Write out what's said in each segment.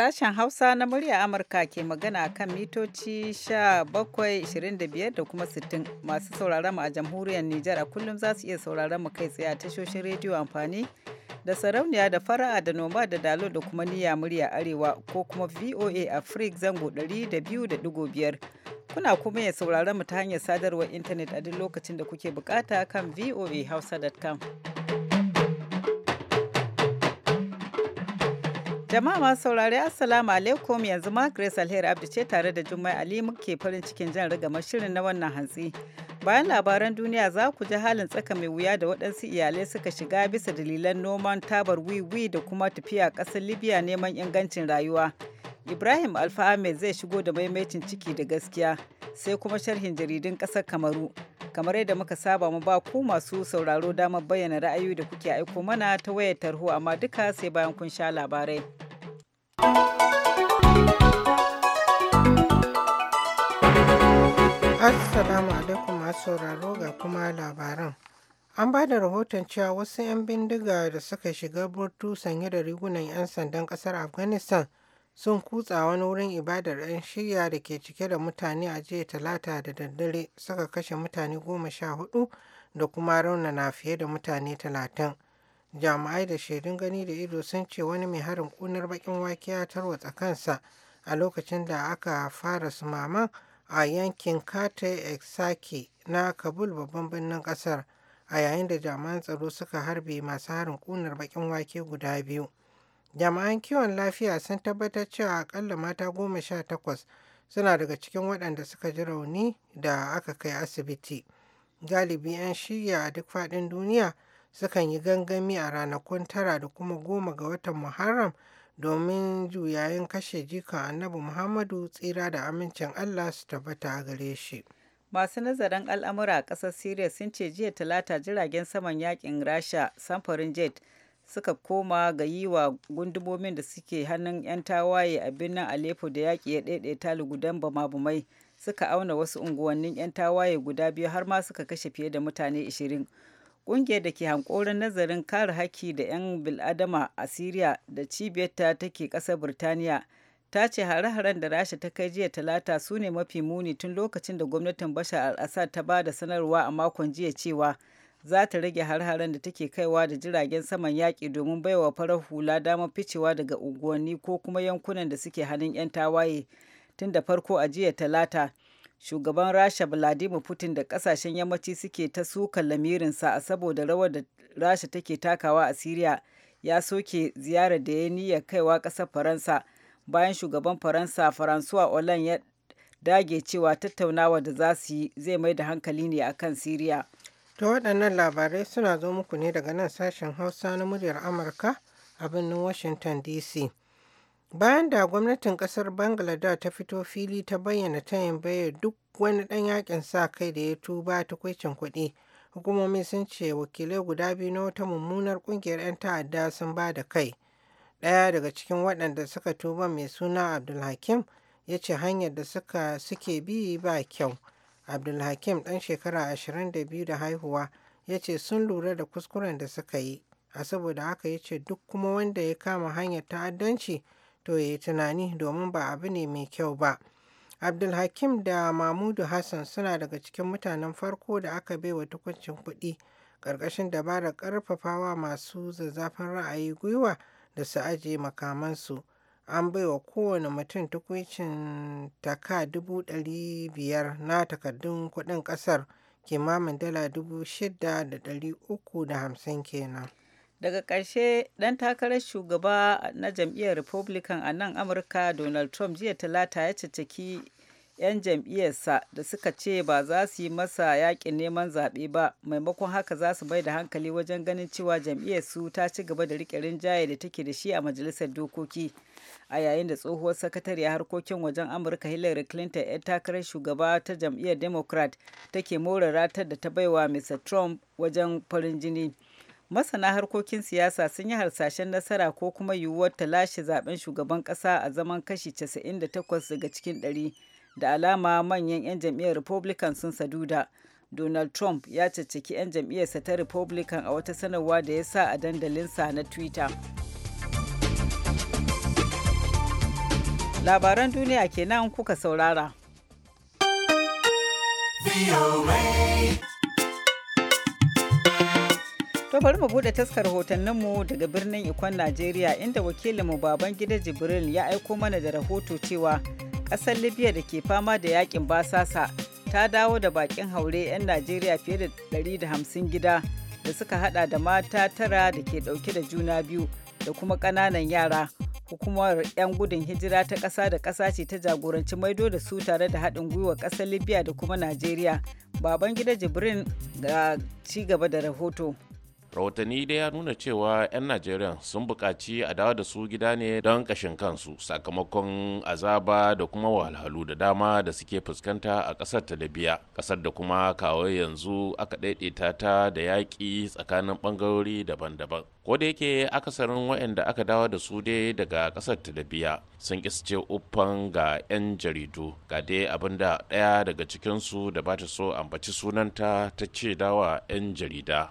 Sashen Hausa na murya Amurka ke magana kan mitoci 17,25 da kuma 60 masu sauraron mu a jamhuriyar Nijar a kullum za su iya sauraron mu kai tsaye a tashoshin rediyo amfani da sarauniya da fara'a da noma da dalo da kuma niyya murya arewa ko kuma VOA a Africa zango 200.5 kuna kuma ya sauraron mu ta hanyar sadarwar intanet a duk lokacin da kuke bukata kan voahausa.com. Jama'a masu saurari Assalamu alaikum yanzu ma Grace Alheri Abdu ce tare da Jummai Ali muke farin cikin jan ma shirin na wannan hantsi. Bayan labaran duniya za ku ji halin tsaka mai wuya da waɗansu iyalai suka shiga bisa dalilan noman tabar wiwi da kuma tafiya ƙasar Libya neman ingancin rayuwa. Ibrahim Alfa Ahmed zai shigo da maimaitin ciki da gaskiya sai kuma sharhin jaridun ƙasar Kamaru. Kamar yadda muka saba mu ba ku masu sauraro damar bayyana ra'ayoyi da kuke aiko mana ta wayar tarho amma duka sai bayan kun sha labarai. Assalamu alaikum masu sauraro ga kuma labaran. An ba da rahoton cewa wasu 'yan bindiga da suka shiga burtu sanye da rigunan 'yan sandan kasar Afghanistan sun kutsa wani wurin ibadar 'yan shirya da ke cike da mutane a jiya talata da daddare suka kashe mutane goma sha hudu da kuma raunana fiye da mutane talatin jami'ai da shaidun gani da ido sun ce wani mai harin kunar bakin wake ya tarwatsa kansa a lokacin da aka fara sumaman a yankin kate exaki na kabul babban birnin kasar a yayin da jami'an tsaro suka harbe masu harin kunar bakin wake guda biyu Jami'an kiwon lafiya sun tabbatar cewa akalla mata goma sha takwas suna daga cikin waɗanda suka ji rauni da aka kai asibiti. Galibi 'yan shirya a duk faɗin duniya sukan yi gangami a ranakun tara da kuma goma ga watan Muharram domin juyayin kashe jikan Annabi Muhammadu tsira da amincin Allah su tabbata a gare shi. Masu nazarin al'amura a ƙasar Siriya sun ce jiya talata jiragen saman yakin Rasha samfurin jet suka koma ga yi wa gundumomin da suke hannun 'yan tawaye a birnin Aleppo da yaƙi ya ɗaiɗaita lugudan bama-bamai suka auna wasu unguwannin 'yan tawaye guda biyu har ma suka kashe fiye da mutane 20. Ƙungiyar da ke hankoron nazarin kare haƙƙi da 'yan bil'adama a Siriya da cibiyarta take ƙasar Birtaniya ta ce hare-haren da Rasha ta kai jiya talata su ne mafi muni tun lokacin da gwamnatin Bashar al ta ba da sanarwa a makon jiya cewa za ta rage har-haren da take kaiwa da jiragen saman yaƙi domin baiwa farar hula damar ficewa daga unguwanni ko kuma yankunan da suke hannun 'yan tawaye tun da farko a jiya talata shugaban rasha vladimir putin da kasashen yammaci suke ta sukan lamirinsa a saboda rawar da rasha take takawa a syria ya soke ziyarar da ya niyya kaiwa ƙasar faransa bayan shugaban faransa faransuwa olan ya dage cewa tattaunawa da za su yi zai mai da hankali ne akan syria To waɗannan labarai suna zo muku ne daga nan sashen Hausa na muryar Amurka a birnin Washington DC. Bayan da gwamnatin ƙasar Bangladesh ta fito fili ta bayyana yin bayar duk wani ɗan yakin sa kai da ya tuba tukwicin kuɗi, hukumomi sun ce wakilai guda biyu na wata mummunar ƙungiyar 'yan ta'adda sun ba da kai. Ɗaya daga cikin waɗanda suka tuba mai suna Abdulhakim ya ce hanyar da suke bi ba kyau. Abdulhakim ɗan shekara 22 da haihuwa ya ce sun lura da kuskuren da suka yi, a saboda haka ya ce duk kuma wanda ya kama hanyar ta'addanci to ya yi tunani domin ba abu ne mai kyau ba. Abdulhakim da Mamudu Hassan suna daga cikin mutanen farko da aka baiwa tukuncin kuɗi ƙarƙashin dabarar ƙarfafawa masu zazzafin ra'ayi gwiwa da su ajiye makamansu. an bai wa kowane mutum tukwicin taka dubu ɗari biyar na takardun kuɗin ƙasar kimamin dala dubu shida da ɗari uku da hamsin kenan. daga ƙarshe ɗan takarar shugaba na jam'iyyar republican a nan amurka donald trump jiya talata ya cicciki 'yan jam'iyyarsa da suka ce ba za su yi masa yakin neman zaɓe ba maimakon haka za su bai da hankali wajen ganin cewa jam'iyyarsu ta ci gaba da riƙe rinjaye da take da shi a majalisar dokoki a yayin da tsohuwar sakatariya harkokin wajen amurka hillary clinton 'yan takarar shugaba ta jam'iyyar democrat take more ratar da ta baiwa mr trump wajen farin jini masana harkokin siyasa sun yi harsashen nasara ko kuma yiwuwar ta lashe zaben shugaban kasa a zaman kashi 98 daga cikin 100 da alama manyan 'yan jam'iyyar republican sun saduda donald trump ya caccaki 'yan jam'iyyarsa ta republican a wata sanarwa da ya sa a dandalinsa na twitter labaran duniya kenan kuka saurara To bari mu bude taskar hotonninmu daga birnin Ikon Najeriya inda wakilinmu baban gida Jibril ya aiko mana da rahoto cewa ƙasar libya da ke fama da yakin basasa ta dawo da bakin haure 'yan najeriya fiye da 150 gida da suka hada da mata tara da ke dauke da juna biyu da kuma ƙananan yara hukumar 'yan gudun hijira ta ƙasa da ƙasa ce ta jagoranci maido da su tare da haɗin gwiwa ƙasar libya da kuma najeriya baban gida jibrin ga ci gaba da rahoto rahotanni dai ya nuna cewa 'yan najeriya sun buƙaci a dawo da su gida ne don ƙashin kansu sakamakon azaba da kuma wahalhalu da dama da suke fuskanta a ƙasar ta libya ƙasar da kuma kawo yanzu aka ɗaiɗaita ta da yaƙi tsakanin ɓangarori daban-daban ko da yake akasarin waɗanda aka dawo da su dai daga ƙasar ta libya sun kisce uffan ga 'yan jaridu ga dai abin da ɗaya daga cikinsu da ba ta so ambaci sunanta ta ce dawa 'yan jarida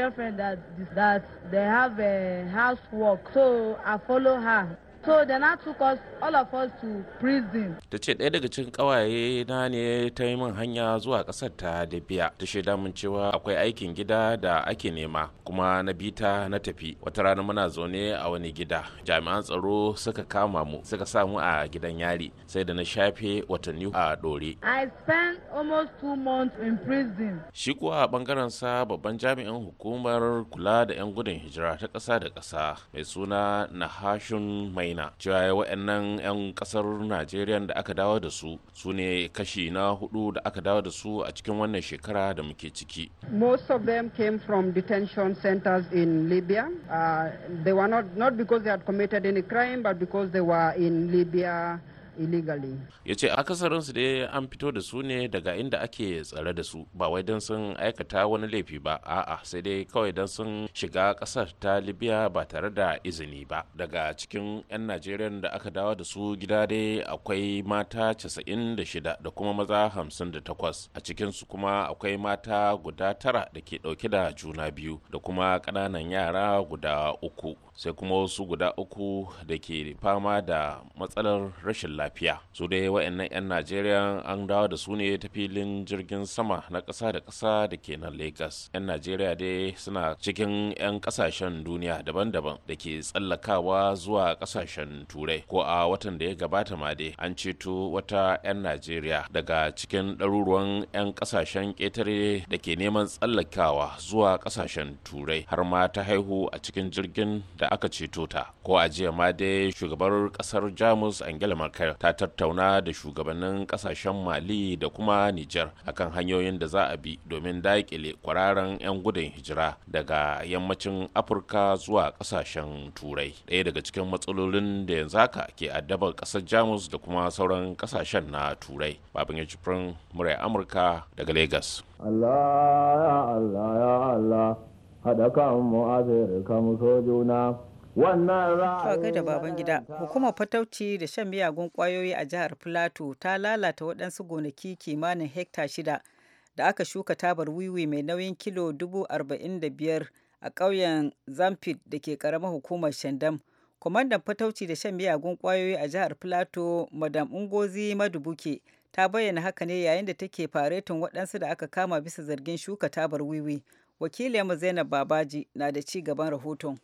girlfriend that that they have a housework, so I follow her. So da na took us, all of us to prison. Ta ce ɗaya daga cikin ƙawaye na ne ta yi min hanya zuwa ƙasar ta Libya. Ta shi damun cewa akwai aikin gida da ake nema kuma na bita na tafi. Wata rana muna zaune a wani gida. Jami'an tsaro suka kama mu suka sa mu a gidan yari sai da na shafe watanni a ɗore. I spent almost two months in prison. Shi kuwa a ɓangaren sa babban jami'in hukumar kula da 'yan gudun hijira ta ƙasa da ƙasa mai suna Nahashun Mai china cewa waɗannan 'yan ƙasar najeriya da aka dawo da su su ne kashi na hudu da aka dawo da su a cikin wannan shekara da muke ciki most of them came from detention centers in libya uh, they were not, not because they had committed any crime but because they were in libya illegally ya ce akasarinsu dai an fito da su ne daga inda ake tsare da su ba wai don sun aikata wani laifi ba a'a sai dai kawai don sun shiga kasar ta libya ba tare da izini ba daga cikin 'yan najeriya da aka dawo da su gida dai akwai mata 96 da kuma maza 58 a cikinsu kuma akwai mata guda tara da ke dauke da juna biyu da kuma kananan yara guda uku sai kuma wasu guda uku da ke fama da matsalar rashin lafiya lafiya su dai wa'annan 'yan najeriya an dawo da su ne ta filin jirgin sama na ƙasa da ƙasa da ke nan lagos 'yan najeriya dai suna cikin 'yan ƙasashen duniya daban-daban da ke tsallakawa zuwa ƙasashen turai ko a watan da ya gabata ma dai an ceto wata 'yan najeriya daga cikin ɗaruruwan 'yan ƙasashen ƙetare da ke neman tsallakawa zuwa ƙasashen turai har ma ta haihu a cikin jirgin da aka ceto ta ko a jiya ma dai shugabar ƙasar jamus angela merkel ta tattauna da shugabannin kasashen mali da kuma niger akan hanyoyin da za a bi domin daƙile kwararan 'yan gudun hijira daga yammacin afirka zuwa kasashen turai ɗaya daga cikin matsalolin da yanzu haka ke addabar ƙasar jamus da kuma sauran kasashen na turai babin ya cifirin murai amurka daga lagos allah ya allah ya allah haɗa kan mu so juna To gaida baban gida, hukumar fatauci da shan miyagun kwayoyi a jihar Filato ta lalata waɗansu gonaki kimanin hekta shida da aka shuka tabar wiwi mai nauyin kilo dubu arba'in da biyar a ƙauyen Zamfit da ke ƙaramar hukumar Shandam. Kwamandan fatauci da shan miyagun kwayoyi a jihar Filato, Madam Ungozi Madubuke, ta bayyana haka ne yayin da take faretin waɗansu da aka kama bisa zargin shuka tabar wiwi. Wakiliyarmu Zainab Babaji na da ci gaban rahoton.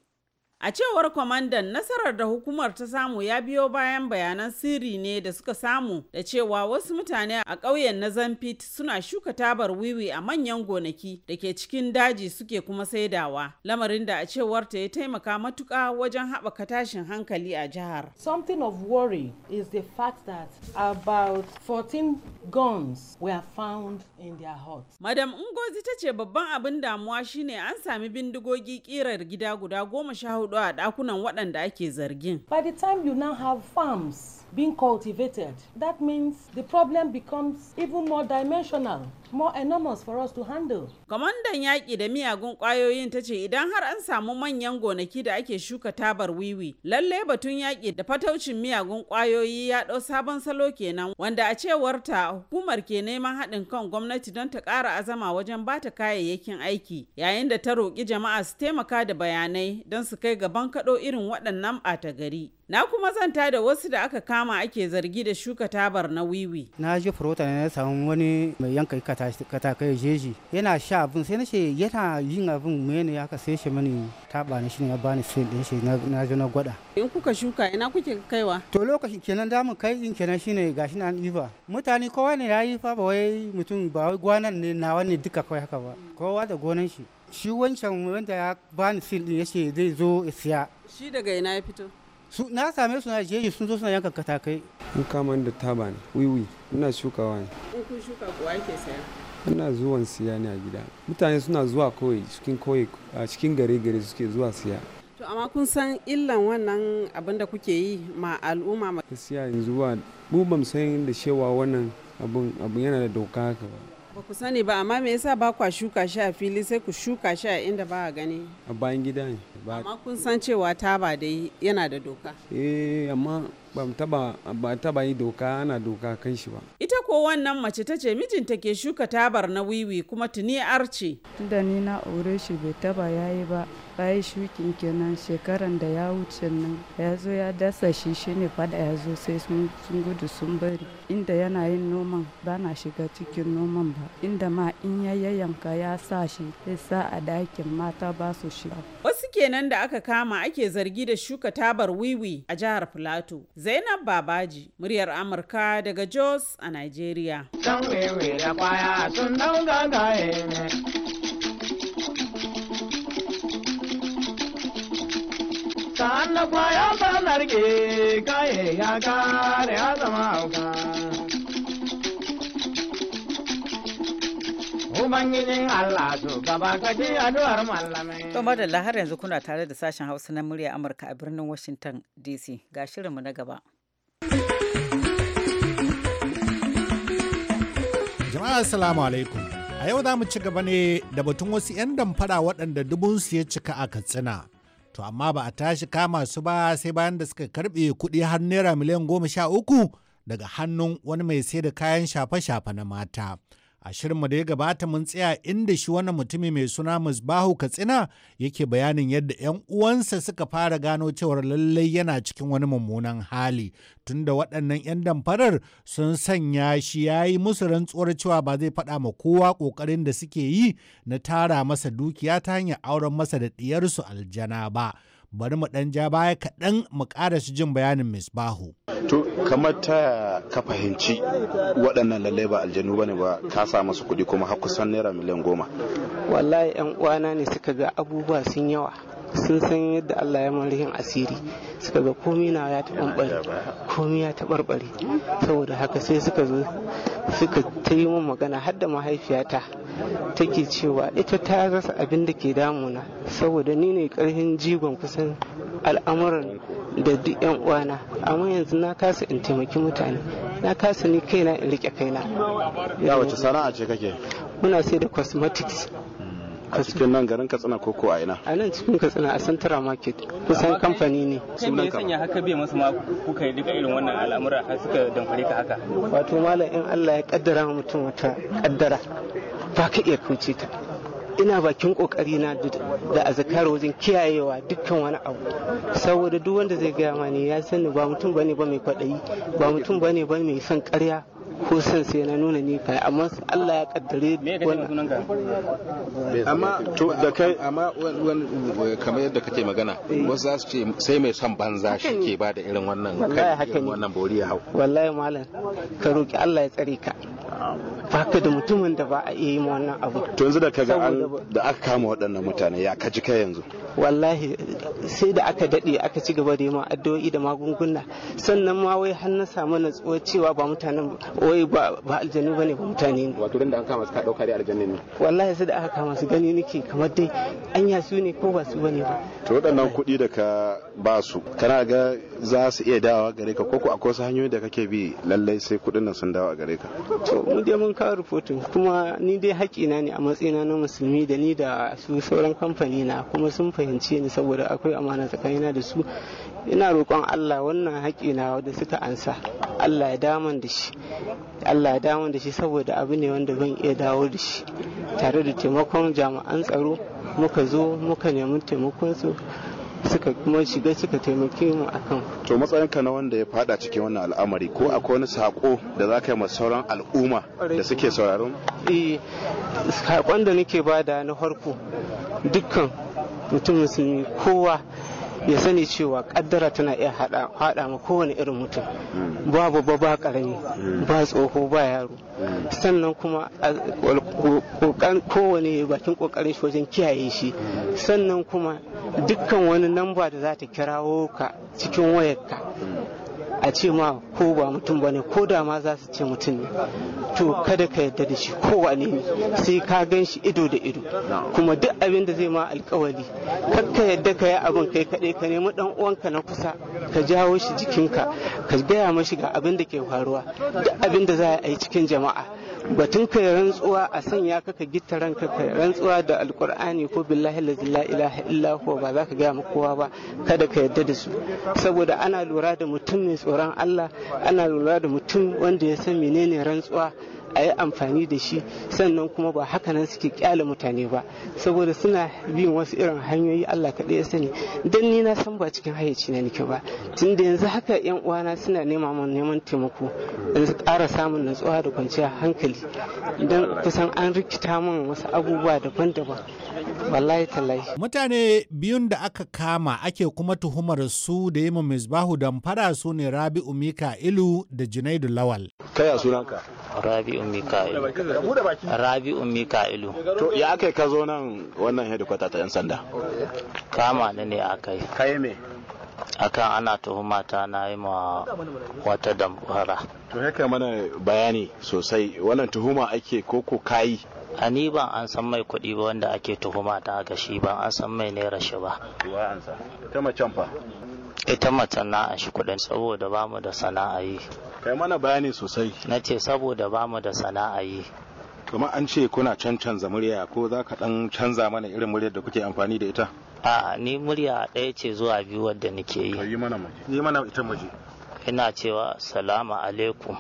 A cewar kwamandan nasarar da hukumar ta samu ya biyo bayan bayanan sirri ne da suka samu da cewa wasu mutane a ƙauyen na Zamfit suna shuka tabar wiwi a manyan gonaki da ke cikin daji suke kuma saidawa. Lamarin da a cewar ta ya taimaka matuƙa wajen haɓaka tashin hankali a jihar. Something of worry is the fact that about 14 guns were found in their hut. Madam Ngozi ta ce babban abin damuwa shine an sami bindigogi ƙirar gida guda goma sha rudu a dakunan waɗanda ake zargin. By the time you now have farms being cultivated, that means the problem becomes even more dimensional. more enormous for us to handle. Kwamandan yaƙi da miyagun ƙwayoyin ta ce idan har an samu manyan gonaki da ake shuka tabar wiwi, lalle batun yaƙi da fataucin miyagun ƙwayoyi ya ɗau sabon salo kenan wanda a cewar ta hukumar ke neman haɗin kan gwamnati don ta ƙara azama wajen ba ta kayayyakin aiki yayin da ta roƙi jama'a su taimaka da bayanai don su kai gaban kaɗo irin waɗannan ɓata gari. Na kuma zanta da wasu da aka kama ake zargi da shuka tabar na wiwi. Na ji farauta na samu wani mai yanka ikata katakai jeji yana sha abin sai na ce yana yin abin mene aka sai shi mani taba ni shi ya bani sai din shi na zo na gwada in kuka shuka ina kuke kaiwa to lokacin kenan da kai in kenan shine gashi na ifa mutane kowa ne yi fa ba wai mutum ba wai gwanan ne na wani duka kawai haka ba kowa da gonan shi shi wancan wanda ya bani sin din yace zai zo ya siya shi daga ina ya fito su na same su na jeji sun zo suna yanka katakai mun kama da taba ne wiwi muna shukawa ne in kun shuka kuwa ke saya ina zuwan siya ne a gida mutane suna zuwa kawai cikin kawai a cikin gare gare suke zuwa siya to amma kun san illan wannan abin da kuke yi ma al'umma ma siya yanzu ba mu bam san da shewa wannan abun abun yana da doka haka ba ba ku sani ba amma me yasa ba kwa shuka shi a fili sai ku shuka shi a inda ba a gani a bayan gida ne amma kun san cewa taba dai yana da doka eh amma ba taba ba taba yi doka ana doka kan shi ba ita ko wannan mace ta ce mijinta ke shuka tabar na wiwi kuma tuni arce tunda ni na aure shi bai taba yayi ba bayan shukin kenan shekaran da ya wuce nan ya zo ya dasa shi shine fada ya zo sai sun gudu sun bari inda yana yin noman ba na shiga cikin noman ba inda ma in ya yanka ya sa shi sai sa a dakin mata ba su shiga kenan da aka kama ake zargi da shuka tabar wiwi a jihar Filato. Zainab Babaji, muryar Amurka daga Jos a Nigeria. Sa'an kwaya sanar ke kaye ya kare ya zama hauka. Ubangijin Allah yanzu kuna tare da sashen Hausa na murya Amurka a birnin Washington DC ga shirinmu na gaba. Jama'a assalamu alaikum. A yau za mu ci gaba ne da batun wasu 'yan damfara waɗanda dubunsu ya cika a Katsina. To amma ba a tashi kama su ba sai bayan da suka karɓe kuɗi har naira miliyan goma sha uku daga hannun wani mai sai da kayan shafe-shafe na mata. a shirinmu da ya gabata mun tsaya inda shi wani mutumi mai suna musbahu katsina yake bayanin yadda 'yan uwansa suka fara gano cewar lallai yana cikin wani mummunan hali tunda waɗannan 'yan damfarar sun sanya shi ya yi musu rantsuwar cewa ba zai faɗa ma kowa ƙoƙarin da suke yi na tara masa dukiya ta hanyar auren masa da ɗiyarsu aljana ba bari mu ɗan ja baya kaɗan mu ƙara su jin bayanin misbahu. to kamar ta ka fahimci waɗannan lallai ba aljanu ba ne ba ka sa masu kuɗi kuma har kusan naira miliyan goma wallahi yan uwana ne suka ga abubuwa sun yawa sun san yadda Allah ya marihin asiri suka ga komi na ya taɓarɓare komi ya taɓarɓare saboda haka sai suka zo suka ta yi min magana har da mahaifiyata take cewa ita ta rasa abin da ke damuna saboda ni ne ƙarfin jigon kusan al'amuran da duk yan uwana amma yanzu na kasa in taimaki mutane na kasa ni kaina in rike kaina ya wace sana'a ce kake muna sai da cosmetics hmm. a cikin nan garin katsina ko ko a ina a nan cikin katsina a Central market kusan kamfani ne nan me sanya haka biya masu ma kuka yi duka irin wannan al'amura har suka damfari ka haka wato malam in Allah ya kaddara mutum wata kaddara ba ka iya kauce ta ina bakin kokari na da azakar wajen kiyayewa dukkan wani abu saboda duk wanda zai gaya mani ya sani ba mutum bane ba mai kwadayi ba mutum bane ba mai son karya ko son sai na nuna ni kai amma Allah ya kaddare amma to da kai amma kamar yadda kake magana eh. wasu za su ce sai mai son banza shi ke ba da irin wannan kai wannan boriya ya hau wallahi malam ka roki Allah ya tsare ka ka da mutumin da ba a iya yi wannan abu to yanzu da kaga an da aka kama waɗannan mutane ya kaji kai yanzu wallahi sai da aka daɗe aka ci gaba da addu'o'i da magunguna sannan ma wai har na samu natsuwa cewa ba mutanen wai ba aljanu bane ba mutane ne wato da an kama su ka dauka dai Aljanu ne wallahi sai da aka kama su gani nake kamar dai anya su ne ko ba su bane ba to waɗannan kuɗi da ka ba su kana ga za su iya dawa gare ka ko akwai wasu hanyoyi da kake bi lallai sai kuɗin nan sun dawo a gare ka to mu dai mun kawo rufotin kuma ni dai haƙina ne a matsayina na musulmi da ni da su sauran kamfani na kuma sun fahimci fahimce ni saboda akwai amana tsakanin da su ina roƙon Allah wannan haƙi na wanda suka ansa Allah ya daman da shi Allah ya daman da shi saboda abu ne wanda ban iya dawo da shi tare da taimakon jami'an tsaro muka zo muka nemi taimakon su suka kuma shiga suka taimake mu akan to matsayinka na wanda ya fada cikin wannan al'amari ko akwai wani sako da za ka yi ma sauran al'umma da suke sauraron eh sakon da nake bada na farko dukkan mutum musulmi kowa ya sani cewa kaddara tana iya hada ma kowane irin mutum babu mm. ba ba karami mm. ba tsoho ba yaro mm. sannan kuma kowane bakin kokarin shi wajen kiyaye shi sannan kuma dukkan wani namba da za ta kirawo ka cikin wayarka a ce ma ko ba mutum ba ne ko da ma za su ce mutum ne to kada ka yarda da shi ko wane ne sai ka gan shi ido da ido kuma duk abin da zai ma alkawari ka yadda ka yi abin kai kaɗai ka nemi ɗan uwanka na kusa ka jawo shi jikinka ka gaya mashi ga abin da ke faruwa duk abin da za a yi cikin jama'a batun kai rantsuwa a sanya ka ka gitta ranka kai rantsuwa da alkur'ani ko billahi la ilaha illa ba za ka gaya ma kowa ba kada ka yadda da su saboda ana lura da mutum mai tsoron Allah ana lura da mutum wanda ya san menene rantsuwa a yi amfani da shi sannan kuma ba haka nan suke kyale mutane ba saboda suna bin wasu irin hanyoyi Allah kaɗai ya sani dan ni na san ba cikin hayyaci na nake ba tun da yanzu haka yan uwana suna nema mun neman taimako yanzu ƙara samun natsuwa da kwanciyar hankali dan kusan an rikita min wasu abubuwa daban-daban wallahi tallahi mutane biyun da aka kama ake kuma tuhumar su da yi misbahu damfara su ne rabi'u mika ilu da junaidu lawal kaya sunanka rabi Rabi'u Mika'ilu. Rabi'u Mika'ilu. To ya ake ka zo nan wannan hedikwata ta 'yan sanda? Kama ni ne a kai. Kai me? Akan ana tuhuma ta na yi ma wata damfara. To ya mana bayani sosai wannan tuhuma ake koko kayi. a ni ban an san mai kuɗi ba wanda ake tuhuma ta haka shi ban an san mai naira shi ba. Ita macen fa? Ita macen na a shi kuɗin saboda mu da sana'a yi. kai mana bayani sosai na ce saboda ba mu da sana'a yi kuma an ce kuna can canza murya ko za ka dan canza mana irin muryar da kuke amfani da ita a ni murya ɗaya ce zuwa biyu wadda nake yi yi mana yi mana ita muje ina cewa salamu alaikum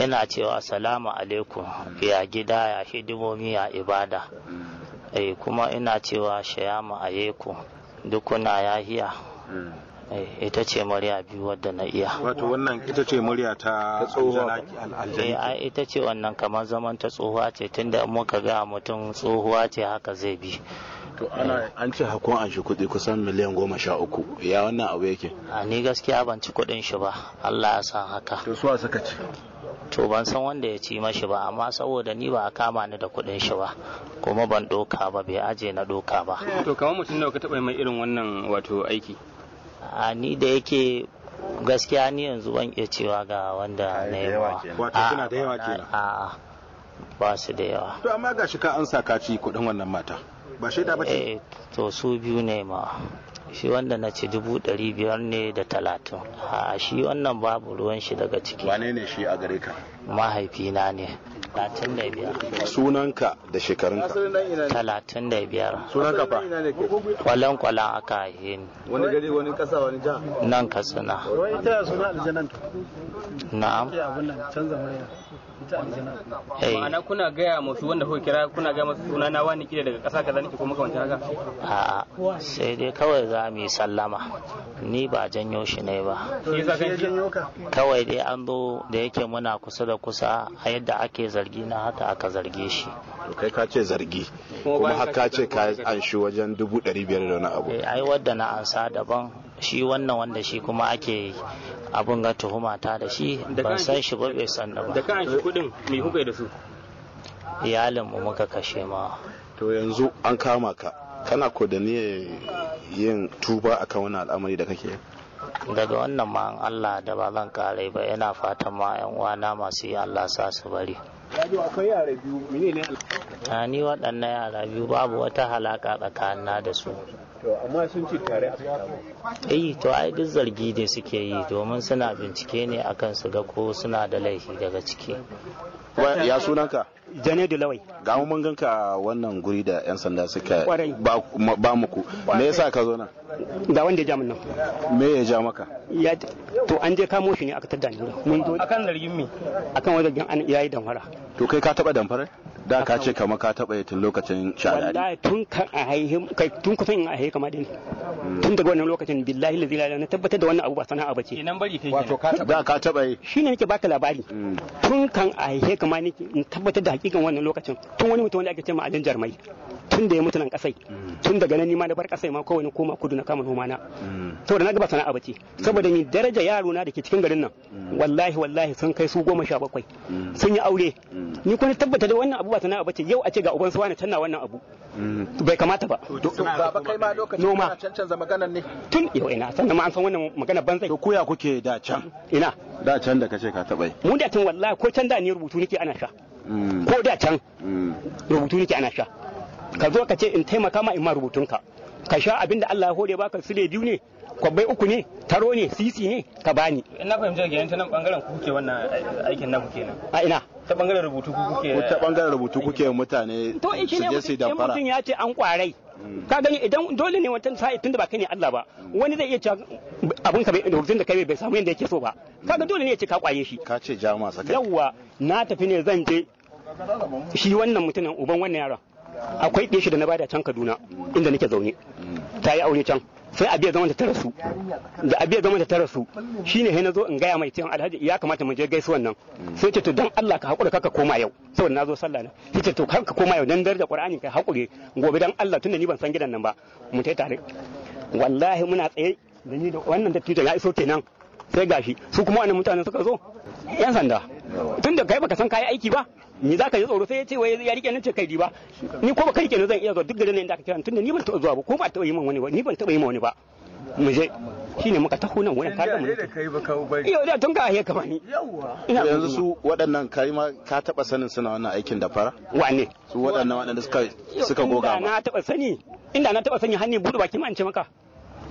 ina cewa salamu alaikum ya gida ya hidimomi ya ibada mm. eh, kuma ina cewa shayama a yeku dukuna ya hiya mm. Eh, ita ce murya biyu wadda na iya wato wannan ita ce murya ta tsohuwa? Eh, ita ce wannan kamar zaman ta tsohuwa ce tunda muka ga mutum tsohuwa ce haka zai bi to ana an ce hakon an shi kuɗi kusan miliyan goma sha uku ya wannan abu yake a ni gaskiya ban ci kuɗin shi ba Allah ya san haka to suwa suka ci to ban san wanda ya ci mashi ba amma saboda ni ba a kama ni da kuɗin shi ba kuma ban ɗoka ba bai aje na ɗoka ba to kamar mutum nawa ka taɓa mai irin wannan wato aiki a ni da yake gaskiya ni yanzu ban iya cewa ga wanda na yawa wato da yawa kenan a ba su da yawa to amma ga shi ka an saka ci kudin wannan mata ba shaida ba ce eh, to su biyu ne ma shi wanda na ce dubu ɗari biyar ne da talatin a shi wannan babu ruwan shi daga ciki wane ne shi a gare ka mahaifina ne talatin da biyar sunanka da shekarunka talatin da biyar sunanka fa kwalan kwalan aka haihe ni wani gari wani kasa wani ja nan katsina wani ita suna aljanan na'am ma'ana kuna gaya musu wanda kuka kira kuna gaya musu suna na wani kira daga ƙasa kaza nake kuma wancan haka a'a sai dai kawai za mu yi sallama ni ba janyo shi ne ba kawai dai an zo da yake muna kusa da kusa a yadda ake zargi na haka aka zarge shi kai ka ce zargi kuma har ka ce ka an shi wajen dubu ɗari biyar da wani abu eh, ai wadda na ansa daban shi wannan wanda shi kuma ake abin ga tuhuma ta da shi ban san shi ba bai san da ba da kan shi kudin mai kuka da su iyalin mu muka kashe ma to yanzu an kama ka kana ko da niyyar yin tuba akan wannan al'amari da kake daga wannan ma Allah da ba zan kare ba yana fatan ma yan uwana masu yi Allah sa su bari ni waɗannan yara biyu babu wata halaka tsakanina da su amma sun ce tare a samu eh, to ai duk zargi ne suke yi domin suna bincike ne akan su ga ko suna da laifi daga ciki ya sunanka jane da lawai ga mun ganka wannan guri da yan sanda suka ba muku me yasa ka zo nan Da wanda ya ja nan me ya ja maka ya to an je kamo shi ne aka tada ni mun A akan zargin me akan wajen an yayi damfara to kai ka taba damfara da ka ce kama ka taba yi tun lokacin shadari wallahi tun kan a haihi kai tun kusan a haihi kama din tun daga wannan lokacin billahi lazi la na tabbatar da wannan abu ba sana'a bace idan bari kai wato ka taba da ka taba yi shine nake baka labari mm. tun kan a haihi kama nake in tabbatar da hakikan wannan lokacin tun wani mutum wanda ake cewa alin jarmai tun da ya mutu nan kasai mm. tun daga nan nima na bar kasai ma kawai na koma kudu na kama noma na mm. to da na gaba sana'a bace mm. saboda ni daraja yaro na da ke cikin garin nan wallahi wallahi sun kai su goma sha bakwai sun yi aure ni kuma tabbata da wannan abu ba sana'a bace yau a ce ga uban su wani canna wannan abu bai kamata ba to baba kai ma lokacin kana cancanza maganar ne tun yau ina sannan ma an san wannan magana banzai to koya kuke da can ina da can da kace ka taɓa yi mu da can wallahi ko can da ni rubutu nake ana sha ko da can rubutu nake ana sha ka zo ka ce in taimaka ma in ma rubutunka ka sha abin da Allah ya hore baka sile biyu ne kwabbai uku ne taro ne sisi ne ka bani ina fahimci ga ta nan bangaren ku kuke wannan aikin naku kenan a ina ta bangaren rubutu ku kuke ta bangaren rubutu kuke mutane to shi ne mutum ya ce an kwarai hmm. ka gani idan dole ne wancan sa'i tunda ba kai ne Allah ba hmm. wani zai iya cewa abin ka bai rubutun da kai bai samu yadda yake so ba hmm. kaga dole ne ya ce ka kwaye shi ka ce jama'a sakai yawa na tafi ne zan je shi wannan mutumin uban wannan yaron akwai ɗaya shi da na bada can Kaduna inda nake zaune ta yi aure can sai abiya zaman da ta rasu da abiya zaman da ta rasu shine sai nazo in gaya mai cewa alhaji ya kamata mu je gaisuwan nan sai ce to dan Allah ka hakura kaka koma yau saboda nazo sallah na sai to kanka koma yau dan da Qur'ani kai hakure gobe dan Allah tunda ni ban san gidan nan ba mu tai tare wallahi muna tsaye da ni da wannan dattijo ya iso kenan sai gashi su kuma wannan mutanen suka zo yan sanda tun da kai baka san kayi aiki ba ni za ka tsoro sai ya ce wai ya rike nan ce kai riba ni ko ba kai rike nan zan iya zuwa duk garin nan da aka kira tun da ni ban taɓa zuwa ba ko ba taɓa yi min wani ba ni ban taɓa yi min wani ba mu je shine muka taho nan wani ka mu da kai ba kawo yau da tun ga ahe kama ni yanzu su waɗannan kai ma ka taɓa sanin suna wannan aikin da fara wane su waɗannan waɗanda suka suka goga ba na taɓa sani inda na taɓa sani hannu buɗe baki ma an ce maka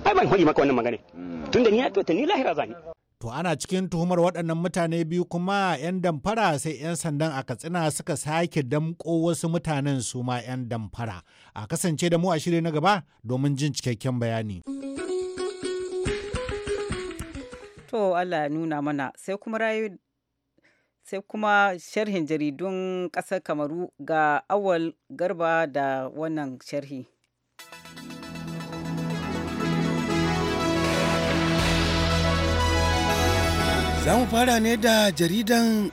ai ban hori maka wannan magana hmm. da ni ya ta ni lahira zani To ana cikin tuhumar waɗannan mutane biyu kuma 'yan damfara sai 'yan sandan a Katsina suka sake damƙo wasu mutanen su ma 'yan damfara. A kasance da mu a shirya na gaba domin jin cikakken bayani. To Allah ya nuna mana sai kuma rayu sai kuma sharhin jaridun ƙasar Kamaru ga awal garba da wannan sharhi. Za mu fara ne da jaridan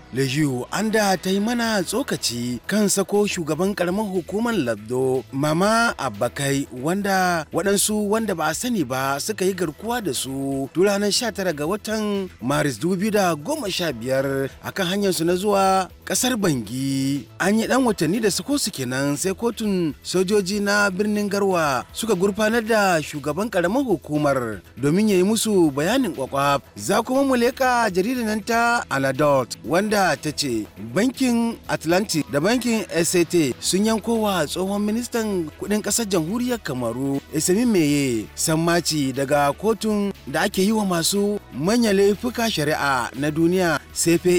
an da ta yi mana tsokaci kan sako shugaban karamar hukumar Labdo Mama Abbakai wanda waɗansu wanda ba a sani ba suka yi garkuwa da su tun ranar 19 ga watan Maris 2015 akan hanyarsu na zuwa kasar bangi an yi dan watanni da sako su kenan sai kotun sojoji na birnin garwa suka gurfanar da shugaban karamar hukumar domin ya yi musu bayanin kwakwaf za kuma mu leka jaridar nan ta aladot wanda ta ce bankin atlantic da bankin sat sun yanko wa tsohon ministan kudin kasar jamhuriyar kamaru isami meye sammaci daga kotun da ake yi wa masu manyan laifuka shari'a na duniya cpe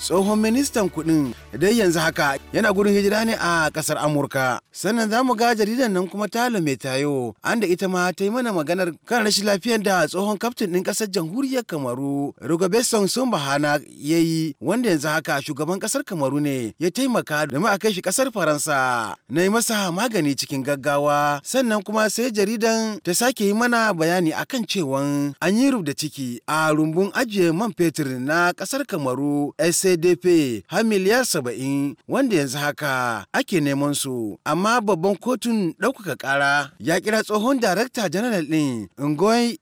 tsohon ministan kudin dai yanzu haka yana gudun hijira ne a kasar amurka sannan za mu ga jaridan nan kuma tala mai tayo an da ita ma ta yi mana maganar kan rashin lafiyar da tsohon kaftin ɗin ƙasar jamhuriyar kamaru rugabeson sun bahana ya yi wanda yanzu haka shugaban ƙasar kamaru ne ya taimaka domin a kai shi kasar faransa na yi masa magani cikin gaggawa sannan kuma sai jaridan ta sake yi mana bayani akan cewan an yi rubda ciki a rumbun ajiye man fetur na kasar kamaru sa cdp har miliyar saba'in wanda yanzu haka ake neman su amma babban kotun ɗaukaka ƙara ya kira tsohon darakta janaral ɗin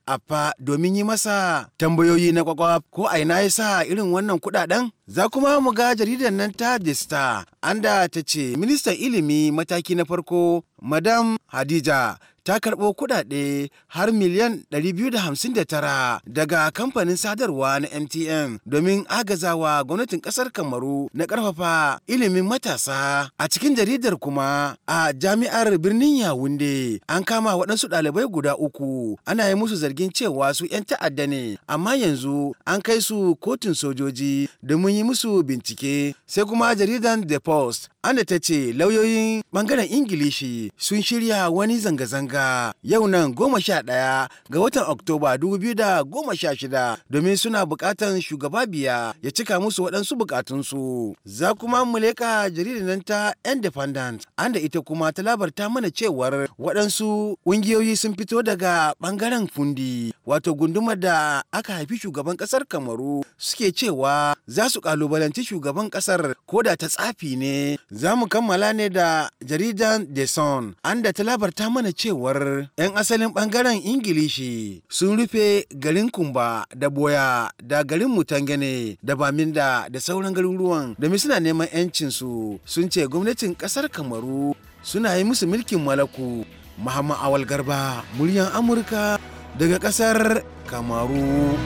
a afa domin yi masa tambayoyi na kwakwa ko a ina ya sa irin wannan kuɗaɗen za kuma mu ga jaridar nan ta the star anda ta ce ministan ilimi mataki na farko madam hadija ta karɓo kudade har miliyan 259 daga kamfanin sadarwa na MTN domin agazawa gwamnatin ƙasar Kamaru na ƙarfafa ilimin matasa. A cikin jaridar kuma a jami'ar birnin Yawunde an kama waɗansu ɗalibai guda uku ana yi musu zargin cewa su 'yan ta'adda ne amma yanzu an kai su kotun sojoji domin yi musu bincike sai kuma jaridan The Post an da ta ce lauyoyin ɓangaren Ingilishi sun shirya wani zanga-zanga daga yau nan goma sha ɗaya ga watan Oktoba dubu biyu da goma sha shida domin suna buƙatan shugaba biya ya cika musu waɗansu buƙatunsu. Za kuma mu leƙa jaridar nan ta Independent an da ita kuma ta labarta mana cewar waɗansu ƙungiyoyi sun fito daga ɓangaren fundi wato gundumar da aka haifi shugaban ƙasar Kamaru suke cewa za su ƙalubalanci shugaban ƙasar ko da ta tsafi ne za mu kammala ne da jaridan The Sun an da ta labarta mana cewa cewar 'yan asalin bangaren ingilishi sun rufe garin kumba da boya da garin mutangane da baminda da sauran garuruwan domin suna neman su sun ce gwamnatin kasar kamaru suna yi musu mulkin malaku muhammad awal garba muryan amurka daga kasar kamaru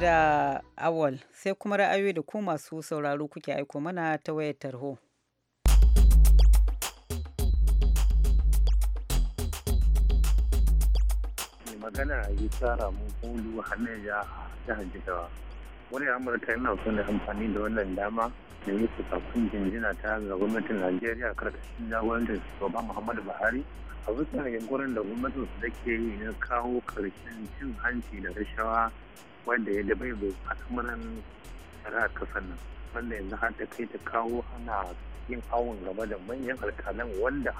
da awal sai kuma ra'ayoyi da ku masu sauraro kuke aiko mana ta wayar tarho. magana yi tsara mu kulu hannun ya jihar jigawa wani amurka yana son amfani da wannan dama da yi su kafin jinjina ta ga gwamnatin najeriya karkashin jagorancin shugaba muhammadu buhari a bisa yankunan da gwamnatin su take yi na kawo karshen cin hanci da rashawa wanda ya dabai bai al'amuran shari'a kasan nan wanda yanzu har ta kai ta kawo ana yin awon gaba da manyan alkalan wanda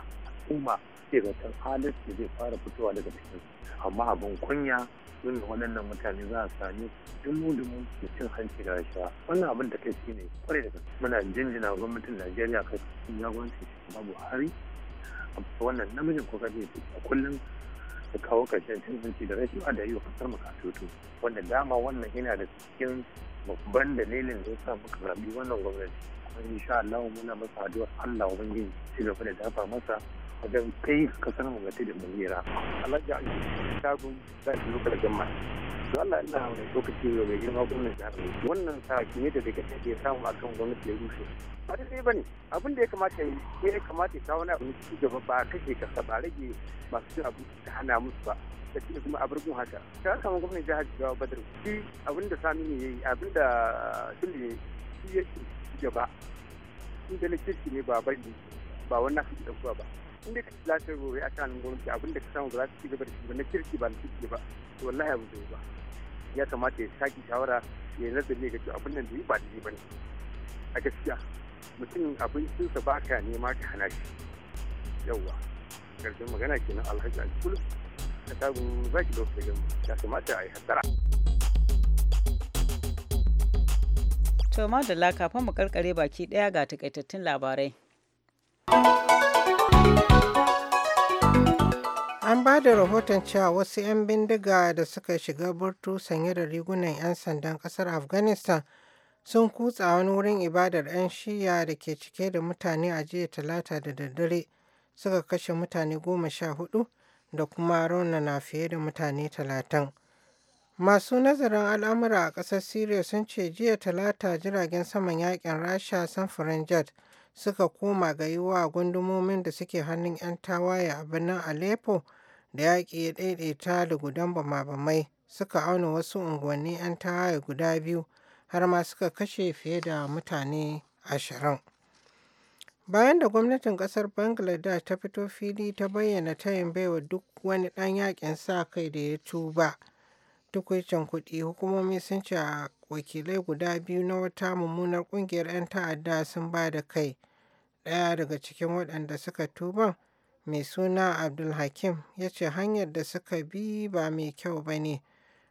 al'umma ke zaton halin da zai fara fitowa daga cikin amma abin kunya sun waɗannan mutane za a sami dumu-dumu da cin hanci da rashawa wannan abin da kai shine kwarai da gaske muna jinjina gwamnatin najeriya kai cikin jagorancin babu hari wannan namijin kokari a kullum da kawo ƙarshen cin hanci da rashawa da yi wa kasar mu kasutu wanda dama wannan yana da cikin babban dalilin da ya sa muka zaɓi wannan gwamnati kuma insha Allah muna masa addu'ar Allah ubangiji shi gaba da dafa masa wajen kai ka sanar san gwamnati da mun yira mulira alhaji an shagun da shi lokacin jama'a to Allah ya ina wani lokaci da mai girma gwamnati da harbi wannan sa ki ne da daga take ke samu akan gwamnati ya rushe ba da sai bane abin da ya kamata yi ke ya kamata ya kawo na abin ci gaba ba kake ka ba rage masu cin abinci ta hana musu ba da shi kuma a burgun haka ta kama gwamnati jihar jigawa badar shi abin da sami ne yayi abin da sulli ne shi ya ci gaba shi da kirki ne ba bari ba wannan hakan da ba in dai ka ci lafiyar gobe a shanin gwamnati abinda ka samu ba za ka ci gaba da shi ba na kirki ba na kirki ba to wallahi abu zai ba ya kamata ya saki shawara ya nazari ga cewa abin nan da yi ba daidai ba ne a gaskiya mutum abincinsa ba ka nema ka hana shi yawwa karshen magana kenan alhaji alkulu a tagun zaki lokacin ya kamata a yi hasara. To da kafin mu karkare baki daya ga takaitattun labarai. An ba da rahoton cewa wasu 'yan bindiga da suka shiga burtu sanye da rigunan 'yan sandan kasar Afghanistan sun kutsa wani wurin ibadar 'yan shiya da ke cike da mutane a jiya talata da daddare suka kashe mutane goma sha hudu da kuma raunana fiye da mutane talatin. Masu nazarin al'amura a ƙasar Syria sun ce jiya talata jiragen saman yakin Rasha samfuran jet suka koma ga yiwa gundumomin da suke hannun 'yan tawaye a birnin Aleppo da yaƙi ya ɗaiɗaita da gudan bama-bamai suka auna wasu unguwanni 'yan tawaye guda biyu har ma suka kashe fiye da mutane ashirin. Bayan da gwamnatin ƙasar Bangladesh ta fito fili ta bayyana tayin baiwa duk wani ɗan yaƙin sa kai da ya tuba tukwicin kuɗi hukumomi sun ce a wakilai guda biyu na wata mummunar ƙungiyar 'yan ta'adda sun ba da kai ɗaya daga cikin waɗanda suka tuban mai suna Abdulhakim ya ce hanyar da suka bi ba mai kyau ba ne.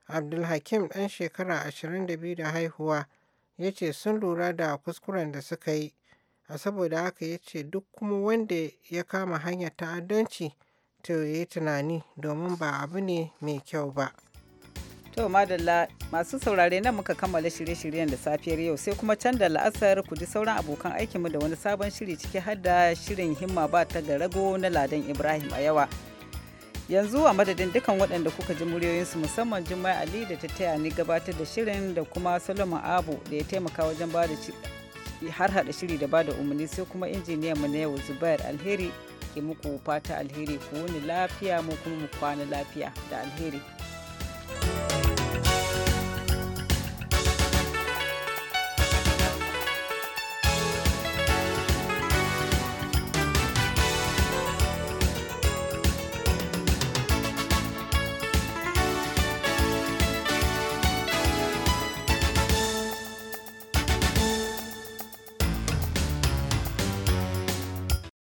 Abdulhakim ɗan shekara 22 da haihuwa ya ce sun lura da kuskuren da suka yi, a saboda haka ya ce duk kuma wanda ya kama hanyar ta'addanci to ya yi tunani domin ba abu ne mai kyau ba. To madalla masu saurare nan muka kammala shirye-shiryen da safiyar yau sai kuma can da la'asar ku ji sauran abokan aikinmu da wani sabon shiri ciki har da shirin himma ba ta ga rago na ladan Ibrahim a yawa. Yanzu a madadin dukan waɗanda kuka ji muryoyinsu musamman Jummai Ali da ta taya ni gabatar da shirin da kuma Solomon Abu da ya taimaka wajen ba da har hada shiri da ba da umarni sai kuma injiniyan mu na yau Zubair Alheri ke muku fata alheri ku wuni lafiya mu kuma mu kwana lafiya da alheri.